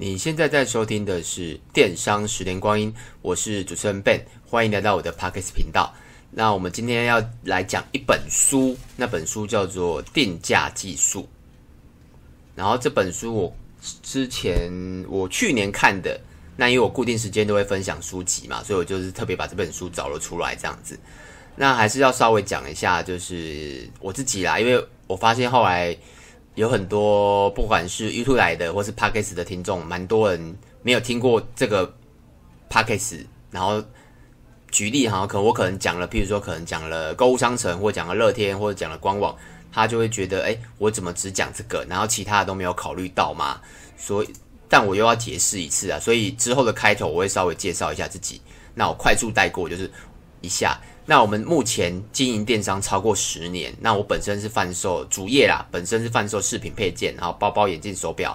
你現在在收聽的是《電商十年光陰》，我是主持人 Ben，歡迎來到我的 Podcast 頻道。那我們今天要來講一本書，那本書叫做《定價技術》。然後這本書我之前我去年看的，那因為我固定時間都會分享書籍嘛，所以我就是特別把這本書找了出來這樣子。那還是要稍微講一下，就是我自己啦，因為我發現後來。有很多不管是 YouTube 來的或是 Podcast 的聽眾，蠻多人沒有聽過這個 Podcast。然後舉例哈，可我可能講了，譬如說可能講了購物商城，或講了樂天，或者講了官網，他就會覺得，哎、欸，我怎麼只講這個，然後其他的都沒有考慮到嘛。所以，但我又要解釋一次啊，所以之後的開頭我會稍微介紹一下自己。那我快速帶過就是一下。那我們目前經營電商超過十年，那我本身是販售主業啦，本身是販售飾品配件，然後包包、眼鏡、手錶，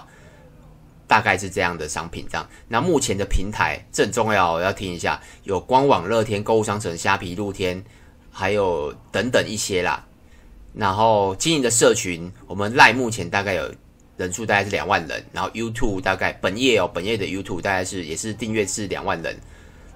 大概是這樣的商品這樣。那目前的平台正重要，我要聽一下，有官網、樂天購物商城、蝦皮、露天，還有等等一些啦。然後經營的社群，我們 LINE 目前大概有人數大概是兩萬人，然後 YouTube 大概本業哦，本業、喔、的 YouTube 大概是也是訂閱是兩萬人。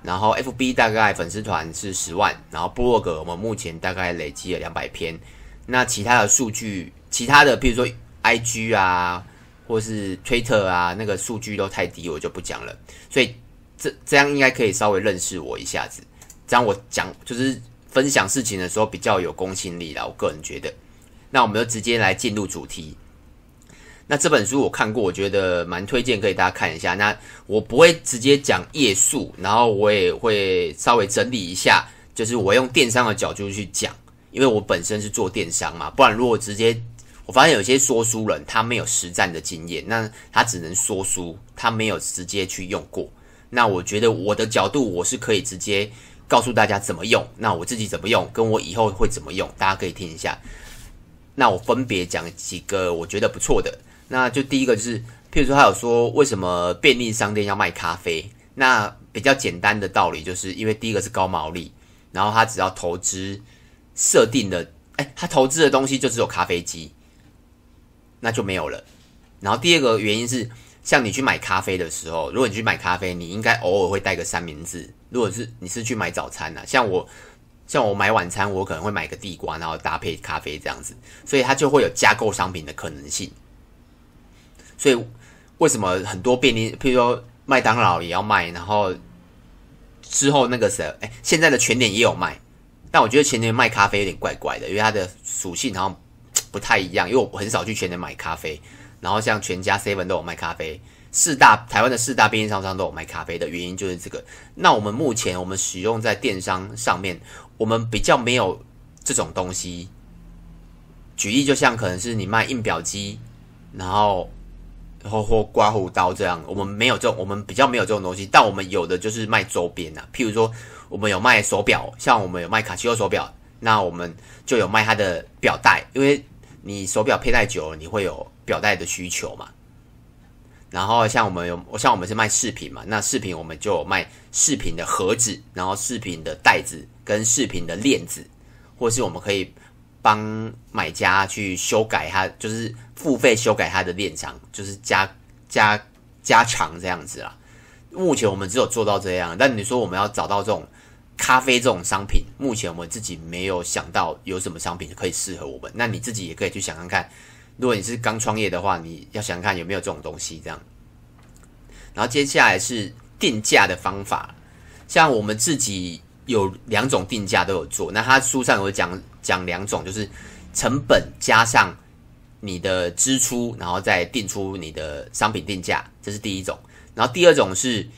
然後，FB 大概粉絲團是十萬，然後部落格我們目前大概累積了兩百篇。那其他的數據，其他的，譬如說 IG 啊，或是推特啊，那個數據都太低，我就不講了。所以這這樣應該可以稍微認識我一下子，這樣我講就是分享事情的時候比較有公信力啦。我個人覺得，那我們就直接來進入主題。那這本書我看過，我覺得蠻推薦可以大家看一下。那我不會直接講頁數，然後我也會稍微整理一下，就是我用電商的角度去講，因為我本身是做電商嘛。不然如果直接，我發現有些說書人他沒有實戰的經驗，那他只能說書，他沒有直接去用過。那我覺得我的角度我是可以直接告訴大家怎麼用，那我自己怎麼用，跟我以後會怎麼用，大家可以聽一下。那我分別講幾個我覺得不錯的。那就第一個就是，譬如說他有說為什麼便利商店要賣咖啡？那比較簡單的道理就是因為第一個是高毛利，然後他只要投資設定的，哎、欸，他投資的東西就只有咖啡機，那就沒有了。然後第二個原因是，像你去買咖啡的時候，如果你去買咖啡，你應該偶爾會帶個三明治。如果是你是去買早餐啦、啊，像我像我買晚餐，我可能會買個地瓜，然後搭配咖啡這樣子，所以它就會有加購商品的可能性。所以，為什麼很多便利，譬如說麥當勞也要賣，然後之後那個是，哎、欸，現在的全聯也有賣，但我覺得全聯賣咖啡有點怪怪的，因為它的屬性好像不太一樣，因為我很少去全聯買咖啡。然後像全家、seven 都有賣咖啡，四大台灣的四大便利商商都有賣咖啡的原因就是這個。那我們目前我們使用在電商上面，我們比較沒有這種東西。舉例就像可能是你賣印表機，然後。然後或刮鬍刀這樣，我們沒有這種，我們比較沒有這種東西，但我們有的就是賣周邊啊，譬如說，我們有賣手錶，像我們有賣卡西歐手錶，那我們就有賣它的錶帶，因為你手錶佩戴久了，你會有錶帶的需求嘛。然後像我們有，像我們是賣飾品嘛，那飾品我們就有賣飾品的盒子，然後飾品的袋子跟飾品的鏈子，或是我們可以。幫買家去修改他，就是付費修改他的鏈長，就是加加加長這樣子啦。目前我們只有做到這樣，但你說我們要找到這種咖啡這種商品，目前我們自己沒有想到有什麼商品可以適合我們。那你自己也可以去想想看，如果你是剛創業的話，你要想想看有沒有這種東西這樣。然後接下來是定價的方法，像我們自己。有兩種定價都有做，那他書上有講講兩種，就是成本加上你的支出，然後再定出你的商品定價，這是第一種。然後第二種是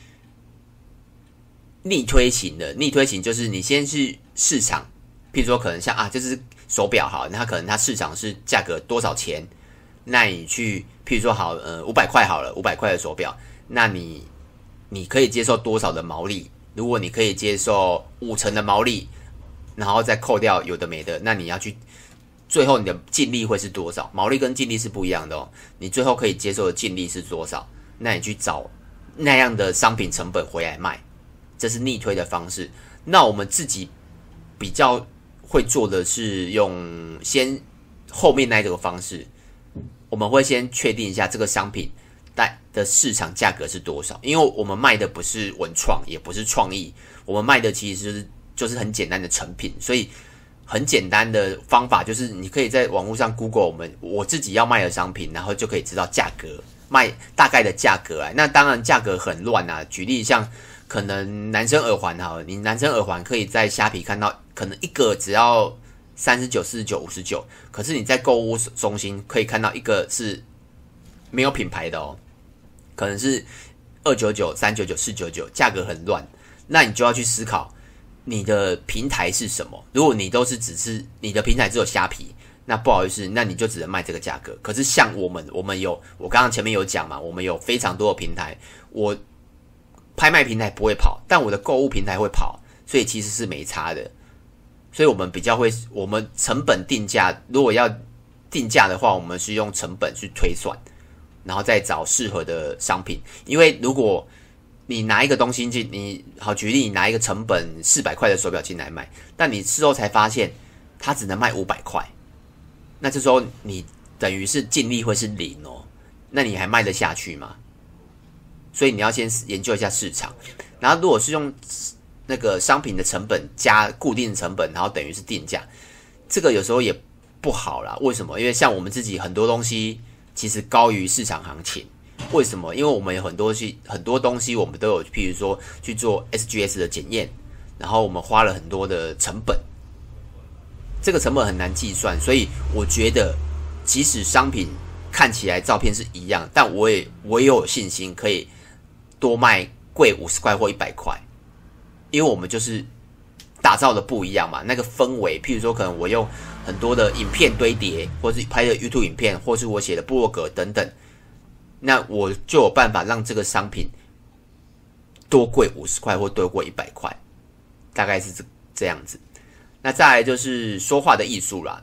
逆推型的，逆推型就是你先是市場，譬如說可能像啊，這、就是手表好，那可能它市場是價格多少錢，那你去譬如說好，呃，五百塊好了，五百塊的手表，那你你可以接受多少的毛利？如果你可以接受五成的毛利，然後再扣掉有的沒的，那你要去，最後你的淨利會是多少？毛利跟淨利是不一樣的哦。你最後可以接受的淨利是多少？那你去找那樣的商品成本回來賣，這是逆推的方式。那我們自己比較會做的是用先後面那一種方式，我們會先確定一下這個商品。的市場價格是多少？因為我們賣的不是文創，也不是創意，我們賣的其實、就是、就是很簡單的成品，所以很簡單的方法就是你可以在網絡上 Google 我們我自己要賣的商品，然後就可以知道價格，賣大概的價格啊。那當然價格很亂啊。舉例像可能男生耳環哈，你男生耳環可以在蝦皮看到，可能一個只要三十九、四十九、五十九，可是你在購物中心可以看到一個是沒有品牌的哦。可能是二九九、三九九、四九九，價格很亂，那你就要去思考你的平台是什麼。如果你都是只是你的平台只有蝦皮，那不好意思，那你就只能賣這個價格。可是像我們，我們有，我剛剛前面有講嘛，我們有非常多的平台，我拍賣平台不會跑，但我的購物平台會跑，所以其實是沒差的。所以我們比較會，我們成本定價，如果要定價的話，我們是用成本去推算的。然後再找適合的商品，因為如果你拿一個東西進，你好舉例，你拿一個成本四百塊的手錶進來賣，但你之後才發現它只能賣五百塊，那這時候你等於是淨利會是零哦，那你還賣得下去嗎？所以你要先研究一下市場，然後如果是用那個商品的成本加固定成本，然後等於是定價，這個有時候也不好啦。為什麼？因為像我們自己很多東西。其實高於市場行情，為什麼？因為我們有很多東西，很多東西，我們都有，譬如說去做 SGS 的檢驗，然後我們花了很多的成本，這個成本很難計算，所以我覺得，即使商品看起來照片是一樣，但我也我也有信心可以多賣貴五十塊或一百塊，因為我們就是打造的不一樣嘛，那個氛圍，譬如說可能我用，很多的影片堆疊，或是拍的 YouTube 影片，或是我寫的部落格等等，那我就有辦法讓這個商品多貴五十塊或多貴一百塊，大概是這這樣子。那再來就是說話的藝術啦，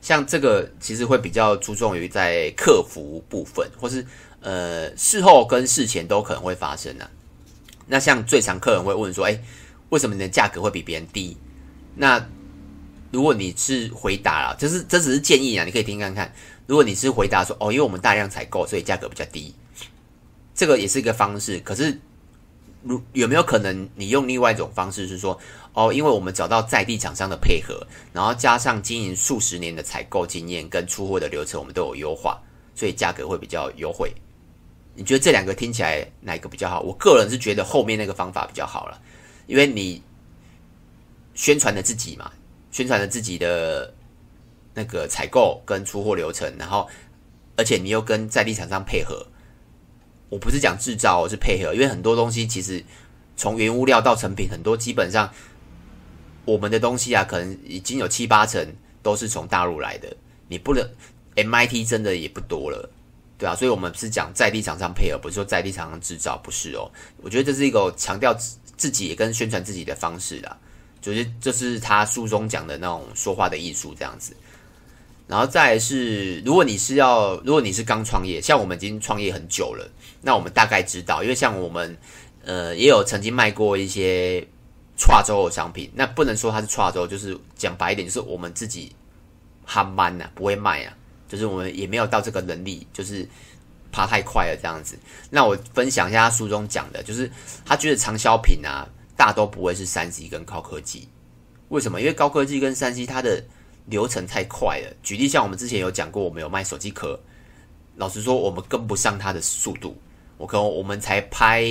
像這個其實會比較注重於在客服部分，或是呃事後跟事前都可能會發生啦、啊。那像最常客人會問說，哎、欸，為什麼你的價格會比別人低？那如果你是回答了，就是這只是建議啊，你可以聽聽看看。如果你是回答說哦，因為我們大量採購，所以價格比較低,這個也是一個方式。可是，如有沒有可能，你用另外一種方式是說哦，因為我們找到在地廠商的配合，然後加上經營數十年的採購經驗跟出貨的流程，我們都有優化，所以價格會比較優惠。你覺得這兩個聽起來哪一個比較好？我個人是覺得後面那個方法比較好了，因為你宣傳的自己嘛。宣傳了自己的那個採購跟出貨流程，然後，而且你又跟在地廠商配合。我不是講製造，我是配合，因為很多東西其實從原物料到成品，很多基本上我們的東西啊，可能已經有七八成都是從大陸來的。你不能 MIT 真的也不多了，對啊？所以我們是講在地廠商配合，不是說在地廠商製造，不是哦。我覺得這是一個強調自己跟宣傳自己的方式啦。就是這是他書中講的那種說話的藝術這樣子，然後再來是如果你是要，如果你是剛創業，像我們已經創業很久了，那我們大概知道，因為像我們呃也有曾經賣過一些跨州的商品，那不能說它是跨州，就是講白一點，就是我們自己憨慢啊，不會賣啊，就是我們也沒有到這個能力，就是爬太快了這樣子。那我分享一下他書中講的，就是他覺得長銷品啊。大都不會是 3C 跟高科技，為什麼？因為高科技跟 3C 它的流程太快了。舉例像我們之前有講過，我們有賣手機殼，老實說我們跟不上它的速度。我可能我們才拍，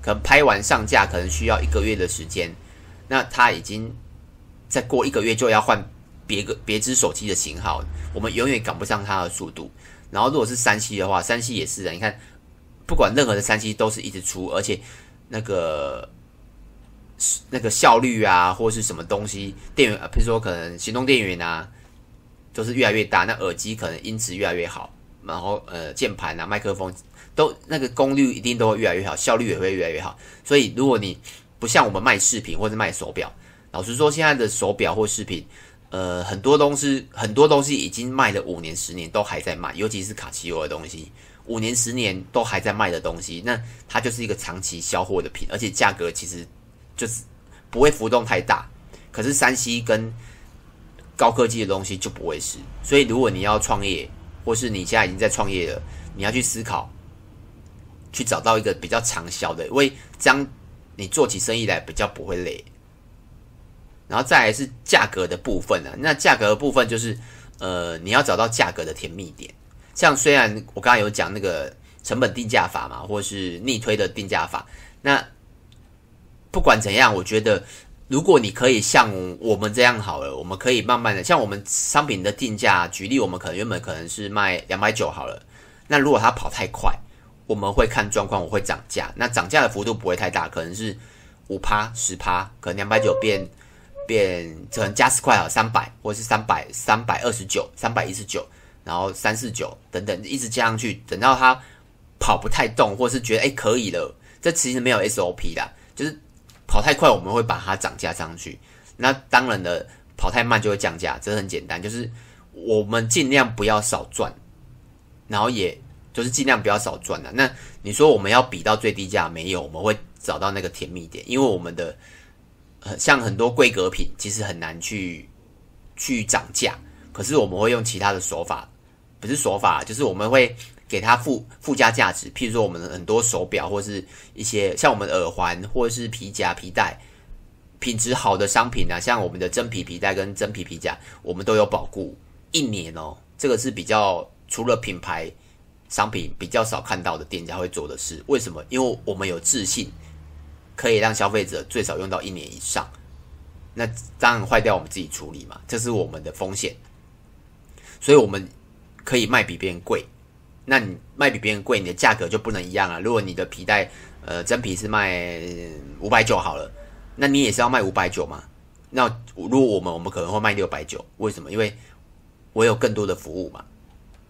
可能拍完上架，可能需要一個月的時間。那它已經再過一個月就要換別個別支手機的型號，我們永遠趕不上它的速度。然後如果是 3C 的話，3C 也是啊。你看，不管任何的 3C 都是一直出，而且那個。那個效率啊，或者是什麼東西，電源，呃、譬如說可能行動電源吶、啊，就是越來越大。那耳機可能音質越來越好，然後呃，鍵盤啊、麥克風都那個功率一定都會越來越好，效率也會越來越好。所以如果你不像我們賣飾品或者賣手表，老實說，現在的手表或飾品，呃，很多東西很多東西已經賣了五年、十年都還在賣，尤其是卡西歐的東西，五年、十年都還在賣的東西，那它就是一個長期銷貨的品，而且價格其實。就是不會浮動太大，可是 3C 跟高科技的東西就不會是，所以如果你要創業，或是你現在已經在創業了，你要去思考，去找到一個比較長銷的，因為這樣你做起生意來比較不會累。然後再來是價格的部分啊，那價格的部分就是，呃，你要找到價格的甜蜜點，像雖然我剛剛有講那個成本定價法嘛，或是逆推的定價法，那。不管怎樣，我覺得如果你可以像我們這樣好了，我們可以慢慢的像我們商品的定價舉例，我們可能原本可能是賣兩百九好了，那如果它跑太快，我們會看狀況，我會漲價。那漲價的幅度不會太大，可能是五趴十趴，可能兩百九變變成加十塊好，三百或者是三百三百二十九、三百一十九，然後三四九等等，一直加上去，等到它跑不太動，或是覺得哎、欸、可以了，這其實沒有 SOP 啦，就是。跑太快，我們會把它漲價上去。那當然的，跑太慢就會降價，這很簡單。就是我們盡量不要少賺，然後也就是盡量不要少賺了啊。那你說我們要比到最低價沒有？我們會找到那個甜蜜點，因為我們的呃，很像很多規格品其實很難去去漲價，可是我們會用其他的手法，不是手法，就是我們會。給它附附加價值，譬如說我們的很多手錶，或是一些像我們的耳環，或是皮夾、皮帶，品質好的商品呢、啊，像我們的真皮皮帶跟真皮皮夾，我們都有保固一年哦。這個是比較除了品牌商品比較少看到的店家會做的事。為什麼？因為我們有自信，可以讓消費者最少用到一年以上。那當然壞掉我們自己處理嘛，這是我們的風險，所以我們可以賣比別人貴。那你賣比別人貴，你的價格就不能一樣啊。如果你的皮帶，呃，真皮是賣五百九好了，那你也是要賣五百九嗎？那如果我們，我們可能會賣六百九，為什麼？因為我有更多的服務嘛。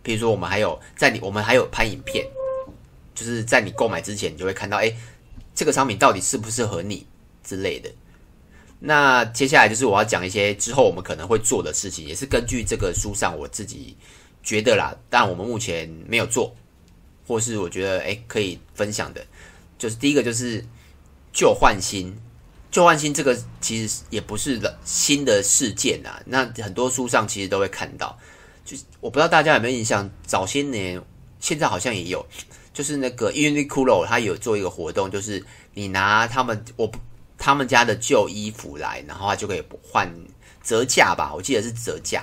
譬如說，我們還有在你，我們還有拍影片，就是在你購買之前，你就會看到，誒、欸，這個商品到底適不適合你之類的。那接下來就是我要講一些之後我們可能會做的事情，也是根據這個書上我自己。覺得啦，但我們目前沒有做，或是我覺得哎、欸、可以分享的，就是第一個就是舊換新。舊換新這個其實也不是了新的事件啦、啊、那很多書上其實都會看到，就是我不知道大家有沒有印象，早些年，現在好像也有，就是那個 Uniqlo 他有做一個活動，就是你拿他們我不他們家的舊衣服來，然後他就可以換折價吧，我記得是折價，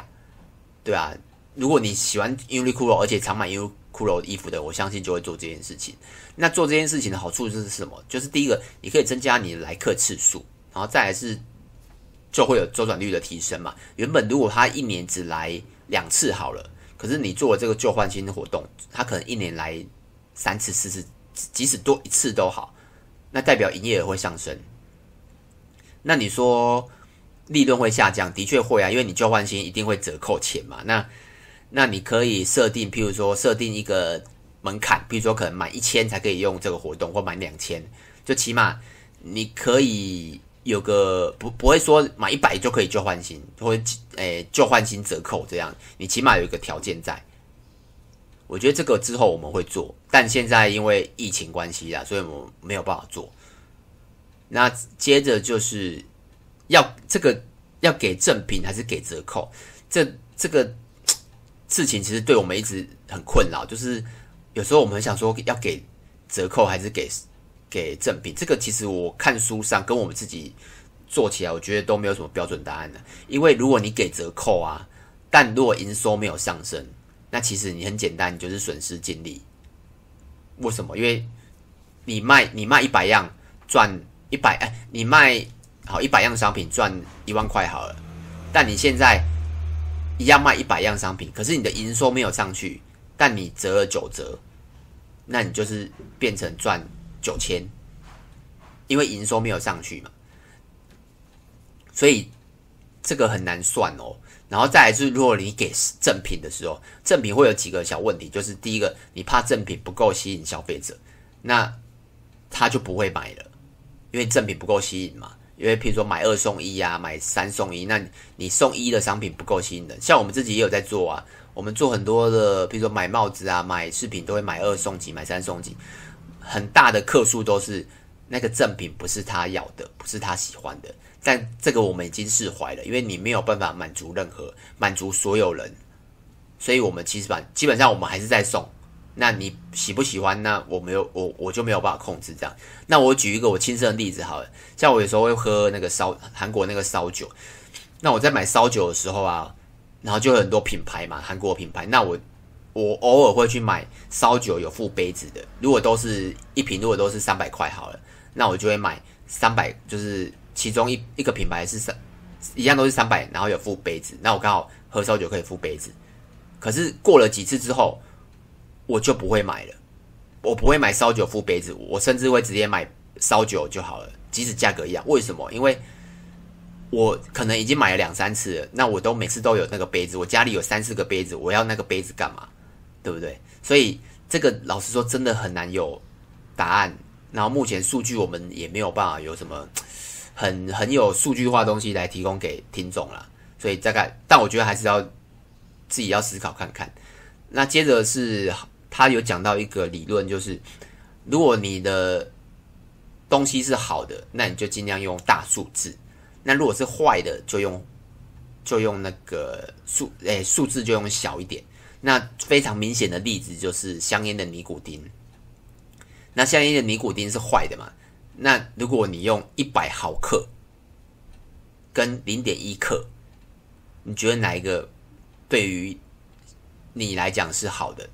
對啊。如果你喜歡 Uniqlo，而且常買 Uniqlo 衣服的，我相信就會做這件事情。那做這件事情的好處是什麼？就是第一個，你可以增加你的來客次數，然後再來是就會有周轉率的提升嘛。原本如果他一年只來兩次好了，可是你做了這個舊換新的活動，他可能一年來三次、四次，即使多一次都好。那代表營業額會上升。那你說利潤會下降？的確會啊，因為你舊換新一定會折扣錢嘛。那那你可以設定，譬如說設定一個門檻，譬如說可能滿一千才可以用這個活動，或滿兩千，就起碼你可以有個不不會說，滿一百就可以舊換新，或誒舊換新折扣這樣，你起碼有一個條件在。我覺得這個之後我們會做，但現在因為疫情關係啊，所以我們沒有辦法做。那接着就是要這個要給贈品還是給折扣？這這個。事情其實對我們一直很困擾，就是有時候我們很想說要給折扣還是給給贈品，這個其實我看書上跟我們自己做起來，我覺得都沒有什麼標準答案的。因為如果你給折扣啊，但如果營收、SO、沒有上升，那其實你很簡單，你就是損失淨利。為什麼？因為你賣你賣一百樣賺一百，100，哎，你賣好一百樣商品賺一萬塊好了，但你現在。一樣賣一百樣商品，可是你的營收沒有上去，但你折了九折，那你就是變成賺九千，因為營收沒有上去嘛。所以這個很難算哦。然後再來就是，如果你給贈品的時候，贈品會有幾個小問題，就是第一個，你怕贈品不夠吸引消費者，那他就不會買了，因為贈品不夠吸引嘛。因為，譬如說買二送一啊，買三送一，那你，你送一的商品不夠新的。像我們自己也有在做啊，我們做很多的，譬如說買帽子啊，買飾品都會買二送幾，買三送幾，很大的客數都是那個贈品不是他要的，不是他喜歡的。但這個我們已經釋懷了，因為你沒有辦法滿足任何，滿足所有人，所以我們其實吧基本上我們還是在送。那你喜不喜歡？那我沒有，我我就沒有辦法控制這樣。那我舉一個我親身的例子好了，像我有時候會喝那個燒韓國那個燒酒。那我在買燒酒的時候啊，然後就有很多品牌嘛，韓國品牌。那我我偶爾會去買燒酒，有附杯子的。如果都是一瓶，如果都是三百塊好了，那我就會買三百，就是其中一一個品牌是三，一樣都是三百，然後有附杯子。那我剛好喝燒酒可以附杯子。可是過了幾次之後，我就不會買了，我不會買燒酒附杯子，我甚至會直接買燒酒就好了，即使價格一樣，為什麼？因為我可能已經買了兩三次了，那我都每次都有那個杯子，我家裡有三四個杯子，我要那個杯子幹嘛？對不對？所以這個老實說，真的很難有答案。然後目前數據我們也沒有辦法有什麼很很有數據化東西來提供給聽眾啦，所以大概，但我覺得還是要自己要思考看看。那接着是。他有講到一個理論，就是如果你的東西是好的，那你就儘量用大數字；那如果是壞的，就用就用那個數誒，數字就用小一點。那非常明顯的例子就是香煙的尼古丁。那香煙的尼古丁是壞的嘛？那如果你用一百毫克跟零點一克，你覺得哪一個對於你來講是好的？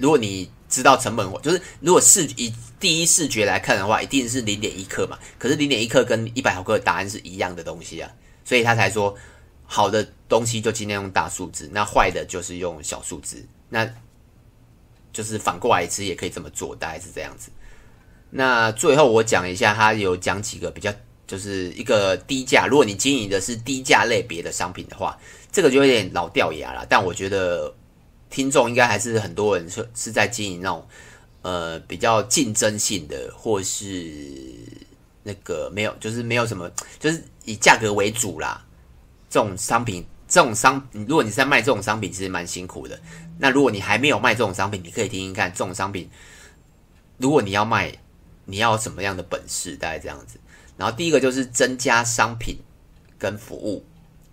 如果你知道成本，就是如果是以第一視覺來看的話，一定是零點一克嘛。可是零點一克跟一百毫克的答案是一樣的東西啊，所以他才說好的東西就儘量用大數字，那壞的就是用小數字。那就是反過來，其實也可以這麼做，大概是這樣子。那最後我講一下，他有講幾個比較，就是一個低價。如果你經營的是低價類別的商品的話，這個就有點老掉牙了，但我覺得。聽眾應該還是很多人是是在經營那種，呃，比較競爭性的，或是那個沒有，就是沒有什麼，就是以價格為主啦。這種商品，這種商，如果你是在賣這種商品，其實蠻辛苦的。那如果你還沒有賣這種商品，你可以聽聽看，這種商品，如果你要賣，你要什麼樣的本事，大概這樣子。然後第一個就是增加商品跟服務，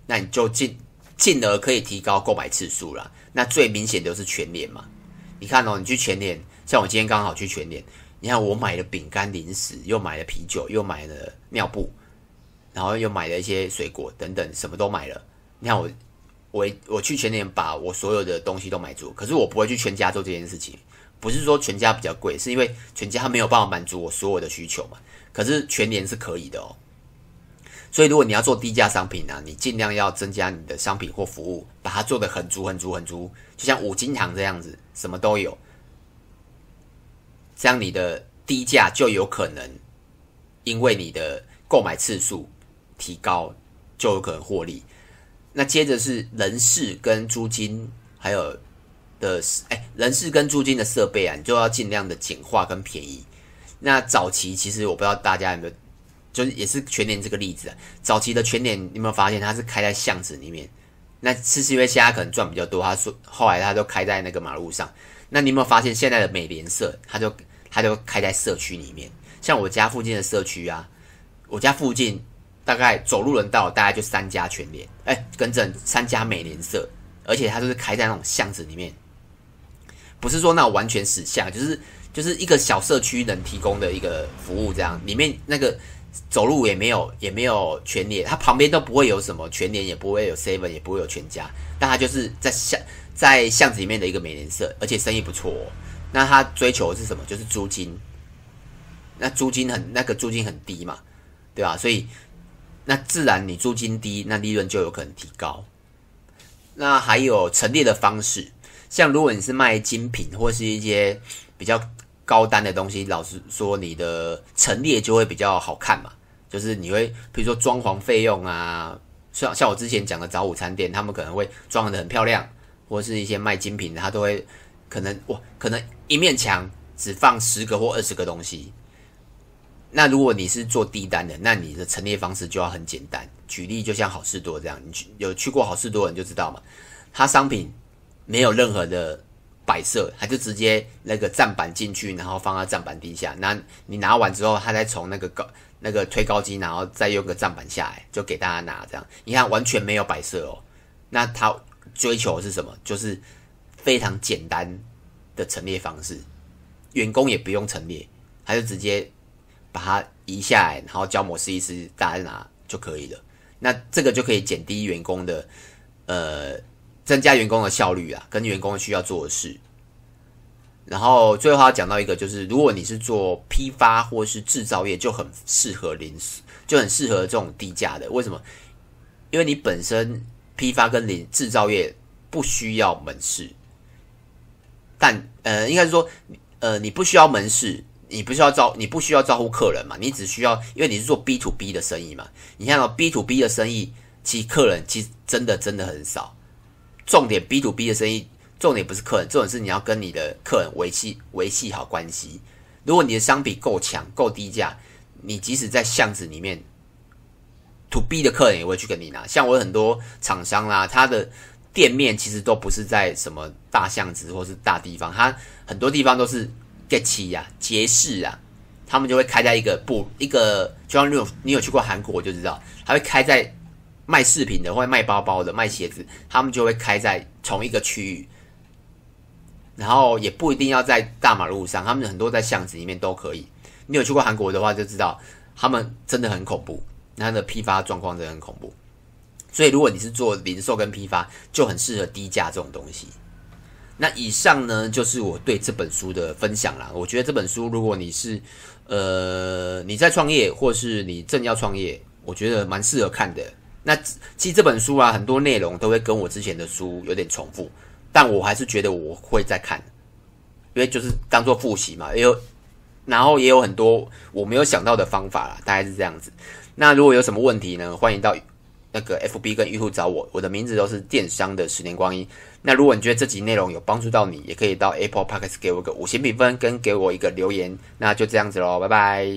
那你就進。進而可以提高購買次數啦。那最明顯的就是全聯嘛，你看哦，你去全聯，像我今天剛好去全聯，你看我買了餅乾零食，又買了啤酒，又買了尿布，然後又買了一些水果等等，什麼都買了。你看我，我我去全聯把我所有的東西都買足，可是我不會去全家做這件事情。不是說全家比較貴，是因為全家他沒有辦法滿足我所有的需求嘛。可是全聯是可以的哦。所以，如果你要做低價商品呢，啊，你儘量要增加你的商品或服務，把它做得很足，很足，很足，就像五金行這樣子，什麼都有。這樣你的低價就有可能，因為你的購買次數提高，就有可能獲利。那接着是人事跟租金，還有的是，哎，欸，人事跟租金的設備啊，你就要儘量的簡化跟便宜。那早期其實我不知道大家有沒有。就是也是全聯這個例子啊，早期的全聯你有沒有發現它是開在巷子裡面？那是因為現在可能賺比較多，他說後來他就開在那個馬路上。那你有沒有發現現在的美聯社，他就他就開在社區裡面，像我家附近的社區啊，我家附近大概走路能到大概就三家全聯，哎、欸，跟這三家美聯社，而且它就是開在那種巷子裡面，不是說那種完全死巷，就是就是一個小社區能提供的一個服務這樣，裡面那個。走路也沒有，也沒有全聯，它旁邊都不會有什麼全聯，也不會有 seven，也不會有全家，但它就是在巷在巷子裡面的一個美廉社，而且生意不錯哦。那它追求的是什麼？就是租金。那租金很，那個租金很低嘛，對吧？所以那自然你租金低，那利潤就有可能提高。那還有陳列的方式，像如果你是賣精品或是一些比較。高單的東西，老實說，你的陳列就會比較好看嘛。就是你會，比如說裝潢費用啊，像像我之前講的早午餐店，他們可能會裝得很漂亮，或是一些賣精品的，他都會可能哇，可能一面牆只放十個或二十個東西。那如果你是做低單的，那你的陳列方式就要很簡單。舉例就像好市多這樣，你去有去過好市多的人就知道嘛，他商品沒有任何的。擺設，他就直接那個站板進去，然後放到站板底下。那你拿完之後，他再從那個高那個推高機，然後再用個站板下來，就給大家拿這樣。你看完全沒有擺設哦。那他追求的是什麼？就是非常簡單的陳列方式，員工也不用陳列，他就直接把它移下來，然後膠膜撕一撕，大家拿就可以了。那這個就可以減低員工的呃。增加員工的效率啊，跟員工需要做的事。然後最後還要講到一個，就是如果你是做批發或是製造業，就很適合零，就很適合這種低價的。為什麼？因為你本身批發跟零製造業不需要門市，但呃，應該是說呃，你不需要門市，你不需要招，你不需要招呼客人嘛。你只需要，因為你是做 B to B 的生意嘛。你看到 B to B 的生意，其實客人其實真的真的很少。重點 B to B 的生意，重點不是客人，重點是你要跟你的客人維繫維繫好關係。如果你的商品夠強、夠低價，你即使在巷子裡面，to B 的客人也會去跟你拿。像我有很多廠商啦、啊，他的店面其實都不是在什麼大巷子或是大地方，他很多地方都是 getty 啊、街市啊，他們就會開在一個不一個，就像你有你有去過韓國，我就知道，他會開在。賣飾品的，或者賣包包的，賣鞋子，他們就會開在同一個區域，然後也不一定要在大馬路上，他們很多在巷子裡面都可以。你有去過韓國的話，就知道他們真的很恐怖，他的批發狀況真的很恐怖。所以如果你是做零售跟批發，就很適合低價這種東西。那以上呢，就是我對這本書的分享啦。我覺得這本書，如果你是呃你在創業，或是你正要創業，我覺得蠻適合看的。那其實這本書啊，很多內容都會跟我之前的書有點重複，但我還是覺得我會再看，因為就是當做複習嘛。也有，然後也有很多我沒有想到的方法啦，大概是這樣子。那如果有什麼問題呢，歡迎到那個 FB 跟 YouTube 找我，我的名字都是電商的十年光陰。那如果你覺得這集內容有幫助到你，也可以到 Apple Podcast 給我一個五星評分跟給我一個留言，那就這樣子嘍，拜拜。